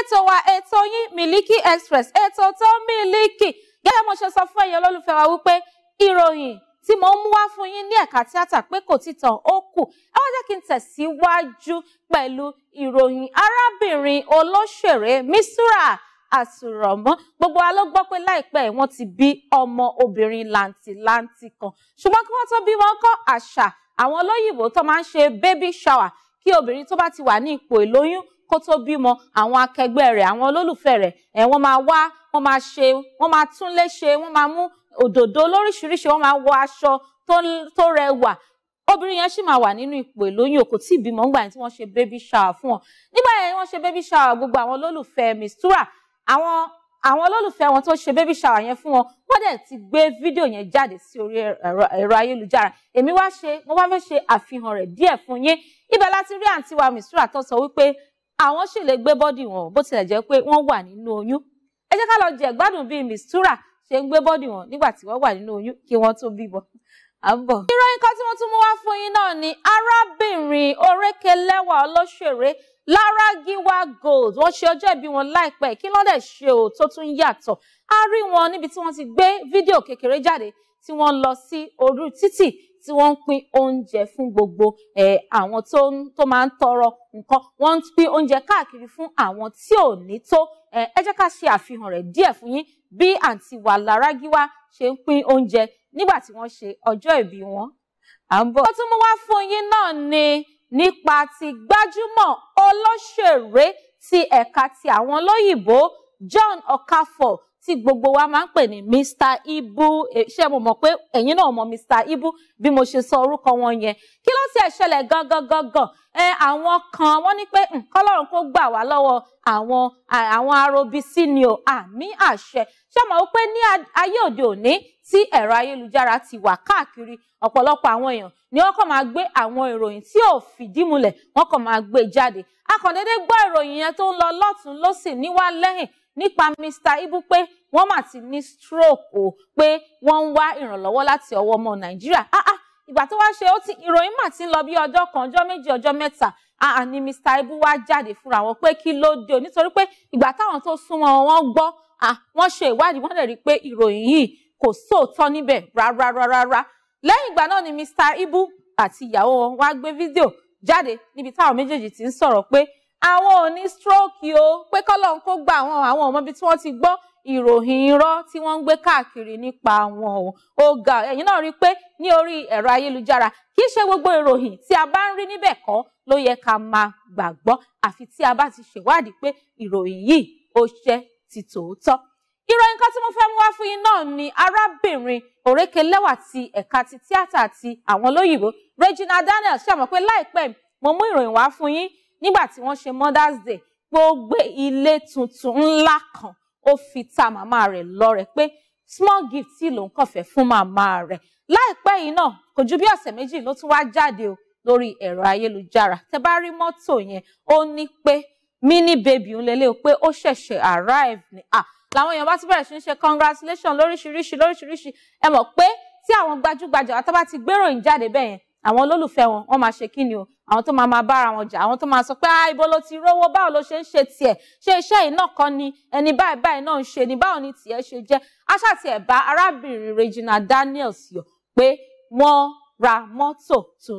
ètò wa ètò yín Miliki Express ètò tó Miliki gẹ́gẹ́ mo ṣe sọ fún ẹ̀yin olólùfẹ́ wa wípé ìròyìn tí mo ń mú wá fún yín ní ẹ̀ka tíátà pé kò títàn ó kù ẹ wá jẹ́ kí n tẹ̀síwájú pẹ̀lú ìròyìn arábìnrin olóṣèré Misura àsùrọ̀mọ́ gbogbo wa ló gbọ́ pé láìpẹ́ wọ́n ti bí ọmọ obìnrin làǹtìlanti kan ṣùgbọ́n kí wọ́n tó bí wọn kọ́ àṣà àwọn olóyìnbó tó máa ń ṣe baby shower kí obìnrin tó bá ti wà ní ipò ìlóyún kó tó bímọ àwọn akẹgbẹ́ rẹ̀ àwọn olólùfẹ́ rẹ̀ ẹ̀ wọ́n máa wá wọ́n máa ṣe wọ́n máa túnlé ṣe wọ́n máa mú òdòdó lóríṣiríṣi wọ́n máa wọ aṣọ tó rẹwà obìnrin yẹn sì máa wà nínú ipò ìlóyún òkú tí ìbímọ ńgbà tí wọ́n ṣe baby shower fún ọ nígbà yẹn wọ́n ṣe baby shower gbogbo àwọn olólùfẹ́ mistura àwọn àwọn olólùfẹ́ wọn tó ṣe baby shower yẹn fún wọn wọ́n dẹ̀ ti gbé fídíò yẹn jáde sí orí ẹ̀rọ ayélujára èmi wá ṣe mo wá fẹ́ ṣe àfihàn rẹ̀ díẹ̀ fún yín ibẹ̀ láti rí àǹtí wa mistura tó sọ wípé àwọn sì lè gbé bọ́dì wọn bó tilẹ̀ jẹ́ pé wọ́n wà nínú oyún ẹ jẹ́ ká lọ jẹ gbádùn bíi mistura ṣe ń gbé bọ́dì wọn nígbà tí wọ́n wà nínú oyún kí wọ́n tó bíbọ à ń bọ̀. ìròyìn kan tí wọ́n tún mú wá fún yín náà ni arábìnrin orékelẹ́wà ọlọ́ṣèré Lára Gíwá Gold wọ́n ṣe ọjọ́ ìbí wọn láìpẹ́ kí ló dẹ̀ ṣe ò tó tún yàtọ̀ a rí wọn níbi tí wọ́n ti gbé fídíò kékeré jáde tí wọ́n lọ sí orí títì tí wọ́n ń pín oúnjẹ fún gbogbo àwọn tó máa ń tọrọ nǹkan wọ́n ń pín oúnjẹ káàkiri fún àwọn tí ò ní tó ẹ jẹ́ ká ṣe àfihàn rẹ̀ díẹ̀ fún yín bí àǹtí wa Láràgíwá ṣe ń pín oúnjẹ nígbà tí wọ́n ṣe ọjọ́ ìbí wọn. à ń tún mú wá fún yín náà ni nípa ti gbajúmọ̀ olóṣèré ti ẹ̀ka ti àwọn lóyìnbó John Okafor tí gbogbo wa máa ń pè ní Mr Ibu e, ṣé mo mọ̀ pé ẹ̀yin náà mọ̀ Mr Ibu bí mo ṣe sọ orúkọ wọn yẹn kí ló tiẹ̀ ṣẹlẹ̀ gangan gangan ẹ àwọn kan wọ́n ní pé hmm, kọ́lọ́run kó gbà wá lọ́wọ́ àwọn àwọn arobisi ni o àmì àṣẹ ṣé mo pé ní ayé òde òní tí ẹ̀rọ ayélujára ti wà káàkiri ọ̀pọ̀lọpọ̀ àwọn èèyàn ni wọ́n kàn máa gbé àwọn ìròyìn tí ò fìdí múlẹ̀ wọ́n kàn máa gbé jáde akọ̀dédé gbọ́ ìròyìn yẹn tó ń lọ lọ́tún lọ́sìn níwá lẹ́yìn nípa Mr. Ibu pé wọ́n mà ti ní stroke o pé wọ́n ń wá ìrànlọ́wọ́ láti ọwọ́ ọmọ Nàìjíríà ah ah ìgbà tó wá ṣe ó ti ìròyìn mà ti ń lọ bí ọjọ́ kan ọjọ́ méjì ọjọ́ mẹ́ta àà ah, ah, ni Mr. Ibu wá jáde fúnra wọn pé kí ló dé o nítorí pé ìgbà táwọn tó súnmọ́ wọn gbọ́ ah, wọ́n ṣe ìwádìí wọ́n dẹ̀ rí i pé ìròyìn yìí kò sóòótọ́ níbẹ̀ rárárárá lẹ́yìn ìgbà náà ni Mr. Ibu àti ìyàwó wọn wá gbé fídíò jáde níbi táwọn méjèèjì ti ń sọ̀rọ̀ pé àwọn ò ní stroke o pé kọ́lọ́n kó gba àwọn àwọn ọmọ ibi tí wọ́n ti gbọ́ ìròyìn irọ́ tí wọ́n ń gbé káàkiri nípa wọn o ó ga ẹ̀yin náà rí i pé ní orí ẹ̀rọ ayélujára kì í ṣe gbogbo ìròyìn tí a bá ń rí níbẹ̀ kọ́ ló yẹ ká máa gbàgbọ́ àfi tí a bá ti ṣèwádìí pé ìròyìn yìí ó ṣe ti tòótọ́ ìròyìn kan tí mo fẹ́ mú wá fún yín náà ni arábìnrin òrékelẹ́wà ti ẹ̀ka ti tíátà ti àwọn olóyìnbó Regina Daniels ṣàmọ̀ pé láìpẹ́ mo mú ìròyìn wá fún yín nígbà tí wọ́n ṣe Mother's Day gbogbo ilé tuntun ńlá kan ó fi ta màmá rẹ̀ lọ́rẹ pé small gift tí lòun kàn fẹ́ fún màmá rẹ̀ láìpẹ́ yìí náà kò ju bí ọ̀sẹ̀ méjì ló tún wá jáde o lórí ẹ̀rọ ayélujára tẹ bá rí mọ́tò yẹn ó ní pé mini baby ń lélẹ́ o pé ó ṣẹ̀ṣẹ̀ arrive ni ah làwọn èèyàn bá ti bẹ̀rẹ̀ sí ń ṣe congratulation lóríṣiríṣi lóríṣiríṣi ẹ mọ̀ pé tí àwọn gbajúgbajà wa tó bá ti gbéròyìn jáde bẹ́ẹ̀ yẹn àwọn olólùfẹ́ wọn wọ́n máa ṣe kí ni o àwọn tó máa máa bára wọn jà àwọn tó máa sọ pé ah ibo ló ti rówó báwo ló ṣe ń ṣe tiẹ̀ ṣé iṣẹ́ yìí náà kọ́ ni ẹni báyìí báyìí náà ń ṣe ni báwo ni tiẹ̀ ṣe jẹ́ aṣáàtì ẹ̀ bá arábìnrin Regina Daniels yọ̀ pé wọ́n ra mọ́tò tuntun.